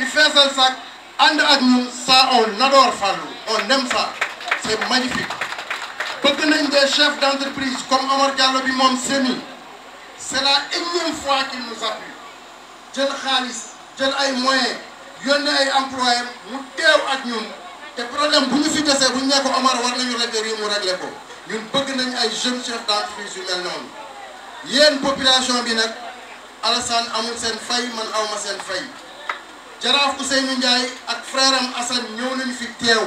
di feesal sac ànd ak ñun ça on adore Fallou on aime ça c' est magnifique bëgg nañ des chefs d' entreprise comme Omar Diallo bi moom semi c' est la énième fois qu'il nous appuie jël xaalis jël ay moyens yónnee ay employés mu teew ak ñun te problème bu ñu fi desee bu ñu nee ko Omar war nañu régler yi mu régler ko ñun bëgg nañ ay jeunes chefs d' entreprise yu mel noonu yéen population bi nag Alassane amul seen fay man awma seen fay jaraaf Ousseynou Ndiaye ak frère am Assane ñëw nañu fi teew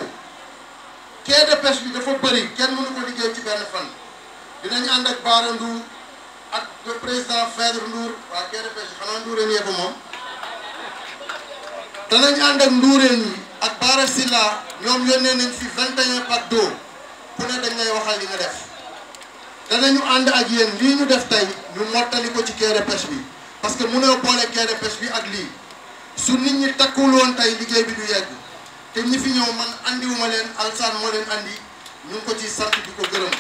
quai de bi dafa bëri kenn mënu ko liggéey ci benn fan dinañ ànd ak Baara Ndour ak le président Fedre Ndour waa quai de pêche xanaa yee ko moom danañ ànd ak Ndoureen yi ak Baara Silla ñoom yónnee nañ fi 21 pack d'eau ku ne dañ waxal li nga def danañu ànd ak yéen lii ñu def tey ñu mottali ko ci quai de bi parce que mënoo boole quai de pêche bi ak lii. su nit ñi takkul won tay liggey bi du yegg te ñi fi ñew man andi wu ma len alsan mo len andi ñu ko ci sant di ko gëreum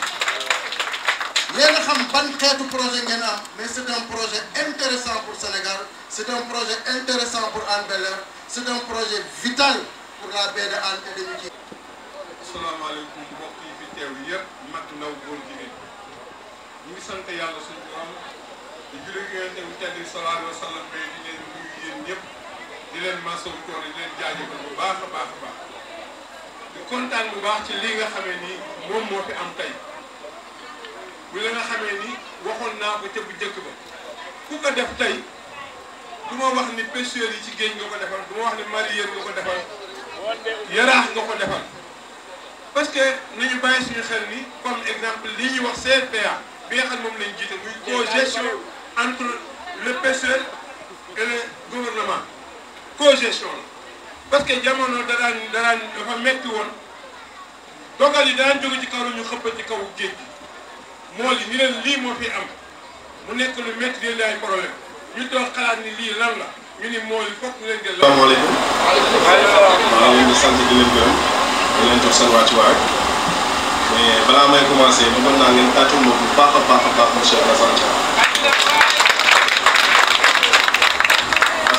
yéen xam ban xeetu projet ngeen am mais c'est un projet intéressant pour Sénégal c'est un projet intéressant pour Hann bel c'est un projet vital pour la baie de Hann et de ñi ci alaykum mbokk yi fi teew yëpp mag ndaw góor jigéen ñi ngi sant yalla suñu borom di julli ngeen teew tedd sallallahu alayhi wa sallam mais di leen nuyu yéen ñëpp dilen leen masawu coono di leen jaajëfal bu baax a baax di kontaan bu baax ci li nga xamé ni mom mo fi am tay bu la nga xamé ni waxon na ko ci bu njëkk ba ku ko def tay du ma wax ni pêcheur yi ci géej nga ko defal du wax ni marier nga ko defal yaraax nga ko defal parce que nañu bàyyi suñu xel ni comme exemple li ñuy wax CPA bi nga xam mom lañu jité muy co-gestion entre le pêcheur et le gouvernement cogestion la parce que jamono danaan danaan dafa metti woon dogal yi danaan jóge ci kaw ñu xëpp ci kaw géej gi mool yi lii moo fi am mu nekk lu metti leen ay problème ñu toog xalaat ni lii lan la ñu ni mool fokk leen jël salaamaaleykum leen di sant di leen gërëm di leen jox seen wàccuwaay mais balaa may commencé ma doon naa ngeen tàccul ma baax a baax a baax monsieur Alassane Thiam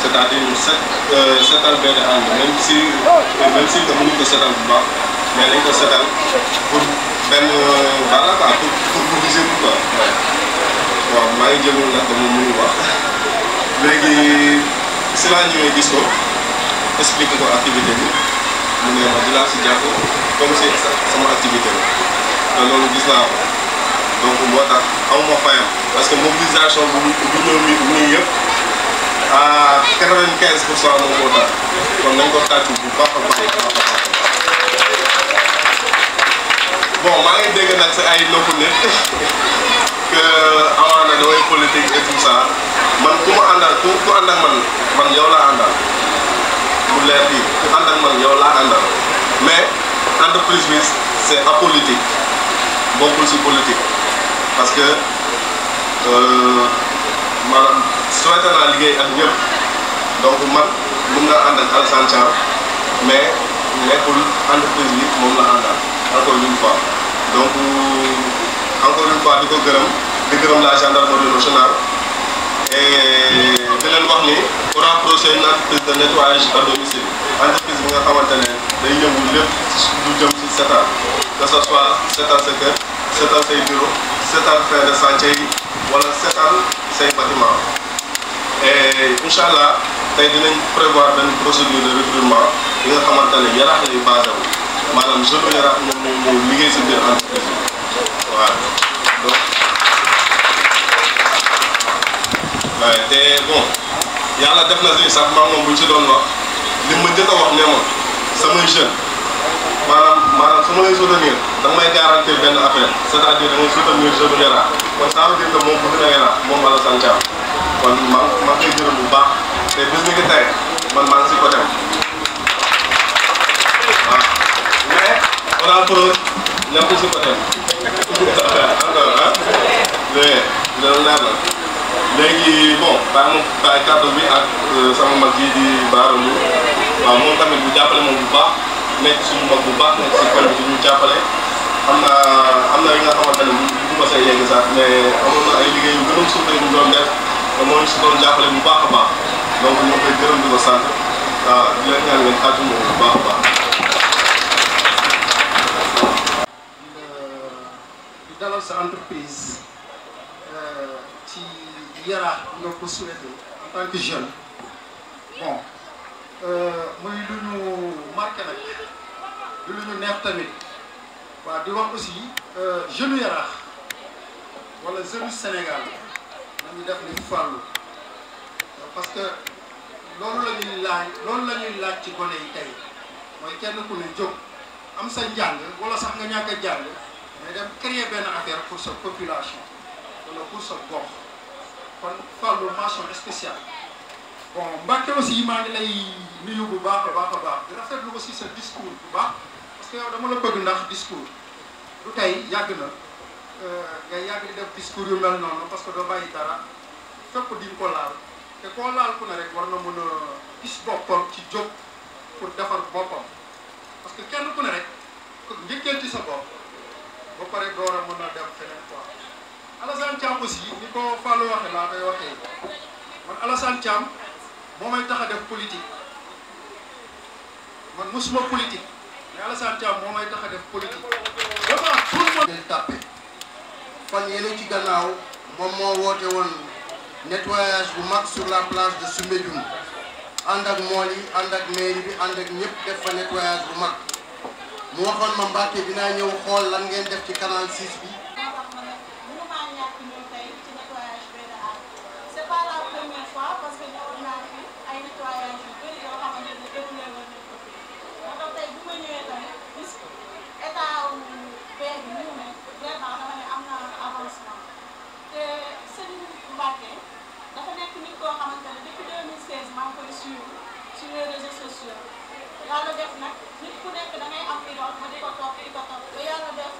c'est-à-dire mu set setal benn ànd même si même si que mënuñ ko setal bu baax mais dañ ko setal pour benn bala euh, quoi pour pour pour viser quoi. waaw maa ngi jëloon nag dama mënu wax léegi si laa ñëwee gis ko expliqué ko activité bi mu ne ma dinaa si jàpp comme si sama activité la te loolu gis naa ko donc moo tax aw ma fayam parce que mobilisation bu bu ñëw nii yëpp. à 95 pour nañ ko tàccu bu baax a baax a maa ngi dégg nag si ay noppi nit que amaana damay politique et tout ça man ku ma àndal ku ku ànd ak man man yow laa àndal bu leer bi ku ànd ak man yow laa àndal mais entreprise bi c'est apolitique bokkul si politique parce que euh, maanaam. souhaité naa liggéey ak ñëpp donc man mun naa ànd ak Alassane Thiam mais nekkul entreprise bi moom la àndal encore une fois donc encore une fois di ko gërëm di gërëm la gendarmerie nationale et di leen wax ni pour rapprocher une entreprise de nettoyage à domicile entreprise bi nga xamante ne day yëngu lépp lu jëm ci setal que ce soit setal sa kër setal say bureau setal fin de chantier yi wala setal say bâtiment incha allah tey dinañ prévoir benn procédure de recrutement bi nga xamante ne yaraax lay basé wu maanaam zone yaraax moom ñoom ñooy liggéey si biir entreprise bi waaye te bon yàlla def na si sax maam moom bu ñu si doon wax li ma jëkk a wax ne ma samay jeune maanaam maanaam su ma lay soutenir da nga may garantir benn affaire c'est-à-dire da ngay soutenir jeune yaraax kon ça veut dire que moom moom Alassane Thiam kon ma ma ngi gërëm bu baax te bis ni ki tey man maa ngi ko dem on a preuve lépp si ko dem encore mais bon bi ak euh, sama mag yi di baaralu waaw moom tamit bu jàppale moom bu baax nekk suñu mag bu baax nekk si koñ bi ñu jàppale am na yi nga bu ma yegg sax mais ay liggéey yu ñu doon def te si doon jàppale bu baax a baax donc ñoo koy gërëm di ko sant waaw di leen ñaan ngeen baax a baax. di dalal sa entreprise euh, ci yaraax nga ko souhaité en tant que jeune bon euh, muy lu ñu marqué nag lu ñu neex tamit waa di wax aussi euh, jeune yaraax wala jeune Sénégal. ñu def ni fàllu parce que loolu la ñuy laaj loolu la ñuy laaj ci gone yi tey mooy kenn ku ne jóg am sa njàng wala sax nga ñàkk a jàng mais dem créer benn affaire pour sa population wala pour sa gox kon fàllu mention spéciale bon Mbacke aussi maa ngi lay nuyu bu baax a baax a baax di rafetlu aussi sa discours bu baax parce que yow dama la bëgg ndax discours du tey yàgg na nga yàgg di def discours yu mel noonu parce que doo bàyyi dara fépp di nga ko laal te koo laal ku ne rek war na mën a gis boppam ci jóg pour defar boppam parce que kenn ku ne rek njëkkee ci sa bopp ba pare door a mën a dem feneen quoi Alassane Thiam aussi ni ko Fallou waxee laa koy waxee man Alassane Thiam moo may tax a def politique man mosuma politique mais Alassane Thiam moo may tax a def politique vraiment tout le monde fan yële ci gannaaw moom moo woote woon nettoyage bu mag sur la plage de Soumbédioune ànd ak mool yi ànd ak mairie bi ànd ak ñëpp def fa nettoyage bu mag mu waxoon ma Mbàkke dinaa ñëw xool lan ngeen def ci canal 6 bi 2014 ba yàlla def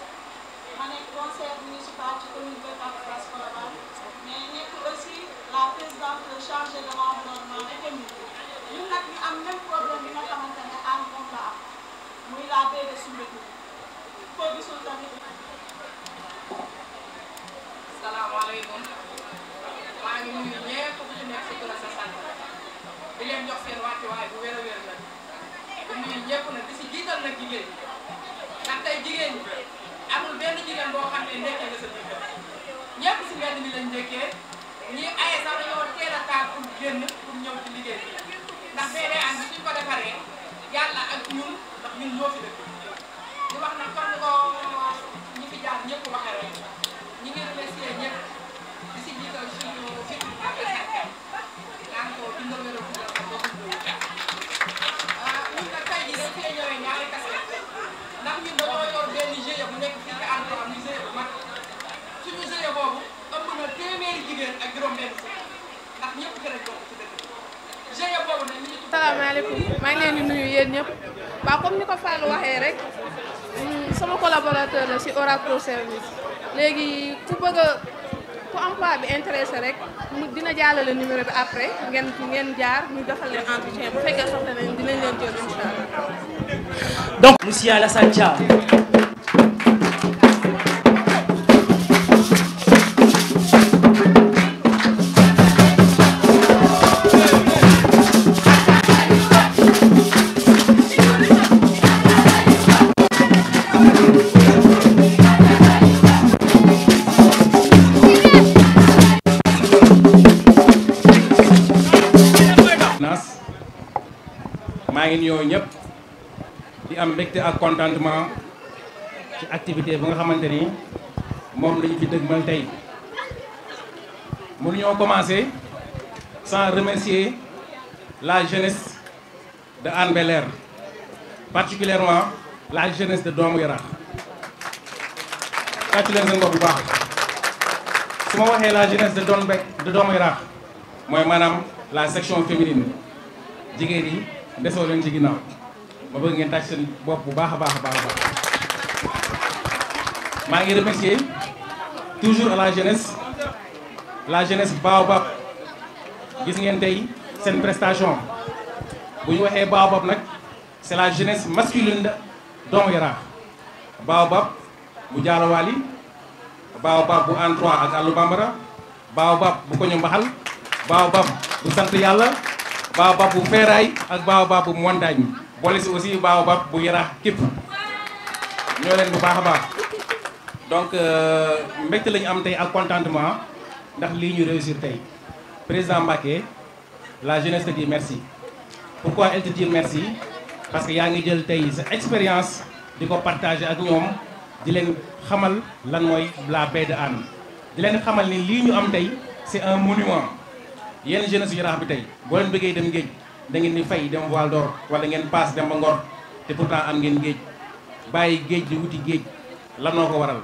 ma nekk conseillère municipale ci commune de Pape Fass Colobane mais nekk aussi la présidente chargée de l'environnement des communes ñun nag ñu am même problème bi nga xamante ne ànd moom la am muy la baie de Soumbédioune ko gisul tamit. salaamaaleykum maa ngi nuyu ñëpp ku ci nekk si tur sa sant di leen jox seen wàccuwaay bu wér a wér la di nuyu ñëpp nag di si jiital nag jigéen ñi. ndax tey jigéen ñi amul benn jigéen boo xam ne nekkee nga sa jigéen ñëpp si mbedd mi lañ nekkee ñi ay sax dañoo teel a taal pour génn pour ñëw ci liggéey bi ndax PDA bi suñ ko defaree yàlla ak ñun ndax ñun ñoo fi dëkk di wax nag comme ko ñi fi jaar ñëpp waxee rek ñi ngi remercier ñëpp di si jiital suñu suñu affaire yaa ngi ko dundal wér-gu-wér ak bopp bi. ñun nag tey jii dañ fee ñëwee ñaari kese. ndax ñun dañoo yor maa ngi leen di nuyu yéen ñëpp waaw comme ni ko Fallou waxee rek mm, sama collaborateur la ci Oracle service léegi ku bëgg a ku emploi bi intéressé rek mu dina jàllale numéro bi après ngeen ngeen jaar ñu defal leen entretien bu fekkee soxla nañ dinañ leen jël incha allah. Donc, Monsieur Alassane Tchao. maa ngi ñëw ñëpp di am mbégte ak contentement ci activité bu nga xamante mom lañu fi ñu tay ñoo commencé sans remercier la jeunesse de Anne Beller, particulièrement la jeunesse de Doomu Particulièrement tàcc leen bu baax la jeunesse de doon de Doomu Yaraax la section féminine jigéen yi desoo leen ci ma bëgg ngeen tàcc seen bopp bu baax a baax baax maa ngi remercier toujours à la jeunesse la jeunesse Baobab gis ngeen tey seen prestation bu ñu waxee Baobab nag c'est la jeunesse masculine de Doomu Yaraax Baobab bu jaalawaali Baobab bu en ak àllu bambara Baobab bu koñu mbaxal Baobab bu sant yàlla Baobab bu feeraay ak Baobab bu montagne boole si aussi baobab bu yaraax képp ñoo leen bu baaxa baax donc euh, mbégte la ñu am tey ak contentement ndax lii ñu réussir tey président Mbacké la jeunesse te dit merci pourquoi elle te dit merci parce que yaa ngi jël tey sa expérience di ko partager ak ñoom di leen xamal lan mooy la baie de Hann di leen xamal ni lii ñu am tey c'est un monument yenn jeunesse yu yaraax bi tey boo leen bëggee dem géej da ngeen di fay dem Val d'Or wala ngeen paas dem ba Ngor te pourtant am ngeen géej bàyyi géej di wuti géej lanoo ko waral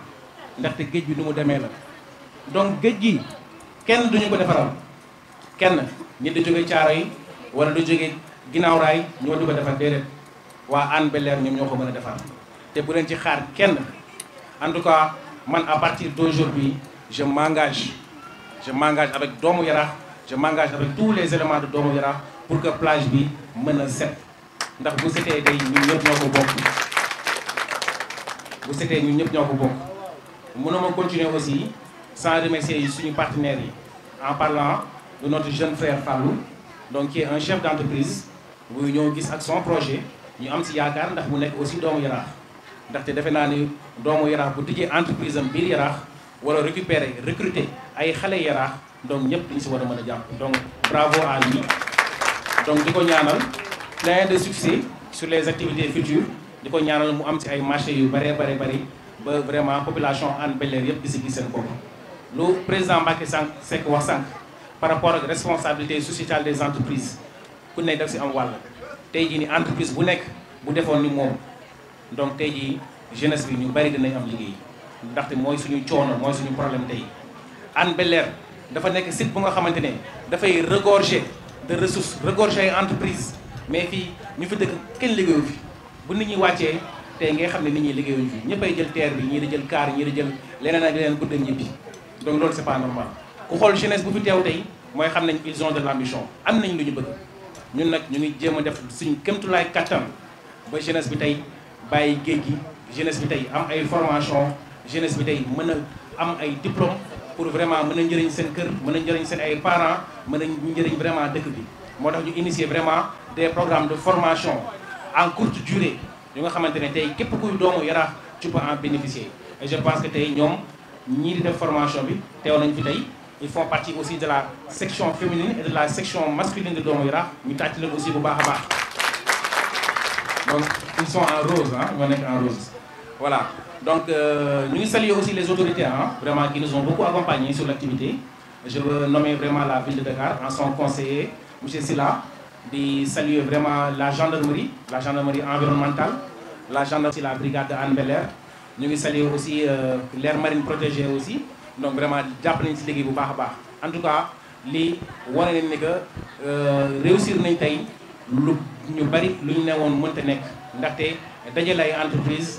ndaxte géej bi nu mu demee la donc géej gi kenn duñu ko defaral kenn ñi di jóge caaro yi wala du jóge ginnaaw raay ñoo du ko defar déedéet waa Hann bel ñoom ñoo ko mën a defar te bu leen ci xaar kenn en tout cas man à partir d'aujourd'hui je m'engage je m'engage avec doomu yara je m'engage avec tous les éléments de doomu Yaraax pour que plage bi mën a set ndax bu setee tey ñun ñëpp ñoo ko bokk bu setee ñun ñëpp ñoo ko bokk mënuma continuer aussi sans remercier yi suñu partenaires yi en parlant de notre jeune frère Fallou donc qui est un chef d'entreprise muy ñoo gis ak son projet ñu am si yaakaar ndax mu nekk aussi doomu yaraax ndaxte defe naa ni doomu yaraax bu tijjee entreprise am biir yaraax wala récupérer recruter ay xale yaraax donc ñëpp dañ si war a mën a jàpp donc bravo à lui donc di ko ñaanal plein de succès sur les activités futures di ko ñaanal mu am ci ay marché yu bare bare bëri ba vraiment population Hann Bel-Air yëpp di si gis seen bopp lu président Macky Sall Seck wax sank par rapport ak responsabilité sociétale des entreprises ku nekk daf si am wàll tey jii ni entreprise bu nekk bu defoon ni moom donc tey jii jeunesse bi ñu bari dinañ am liggéey ndaxte mooy suñu coono mooy suñu problème tey Hann bel dafa nekk site bu nga xamante ne dafay regorger de ressources regorge ay entreprise mais fii ñu fi dëkk kenn liggéeyu fi bu nit ñi wàccee tey ngay xam ne nit ñi liggéeyuñu fi ñëppay jël teer bi ñii di jël kaar ñii di jël leneen ak leneen pour dem ñibbi donc loolu c'est pas normal ku xool jeunesse bu fi teew tey mooy xam nañ ils am nañ lu ñu bëgg ñun nag ñu ngi jéem a def suñu kémtulaay kattan ba jeunesse bi tey bàyyi géej gi jeunesse bi tey am ay formation jeunesse bi tey mën a am ay diplôme pour vraiment mener a njëriñ cœur, mener mën a ay parents mener a vraiment dëkk bi Moi j'ai ñu initier vraiment des programmes de formation en courte durée yu nga xamante ne tey képp kuy doomu Yaraax tu peux en bénéficier et je pense que tey ñoom ñii di def formation bi teew nañ fi ils font partie aussi de la section féminine et de la section masculine de doomu Yaraax ñu tàcc aussi bu baax baax donc ils sont en rose hein, ils ñoo nekk en rose voilà. Donc, euh, nous saluons aussi les autorités, hein, vraiment, qui nous ont beaucoup accompagnés sur l'activité. Je veux nommer vraiment la ville de Dakar en son conseiller, M. Silla, de saluer vraiment la gendarmerie, la gendarmerie environnementale, la gendarmerie, la brigade Anne Belair. Nous saluons aussi euh, l'air marine protégée aussi. Donc, vraiment, d'après nous, En tout cas, lii En tout cas, réussir nañ tey lu ñu bari lu ñu ne entreprise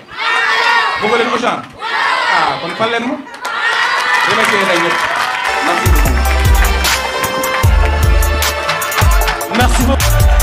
bëgg leen Auchan ah kon fan leen ma remercier nag ñëpp merci beaucoup merci beaucoup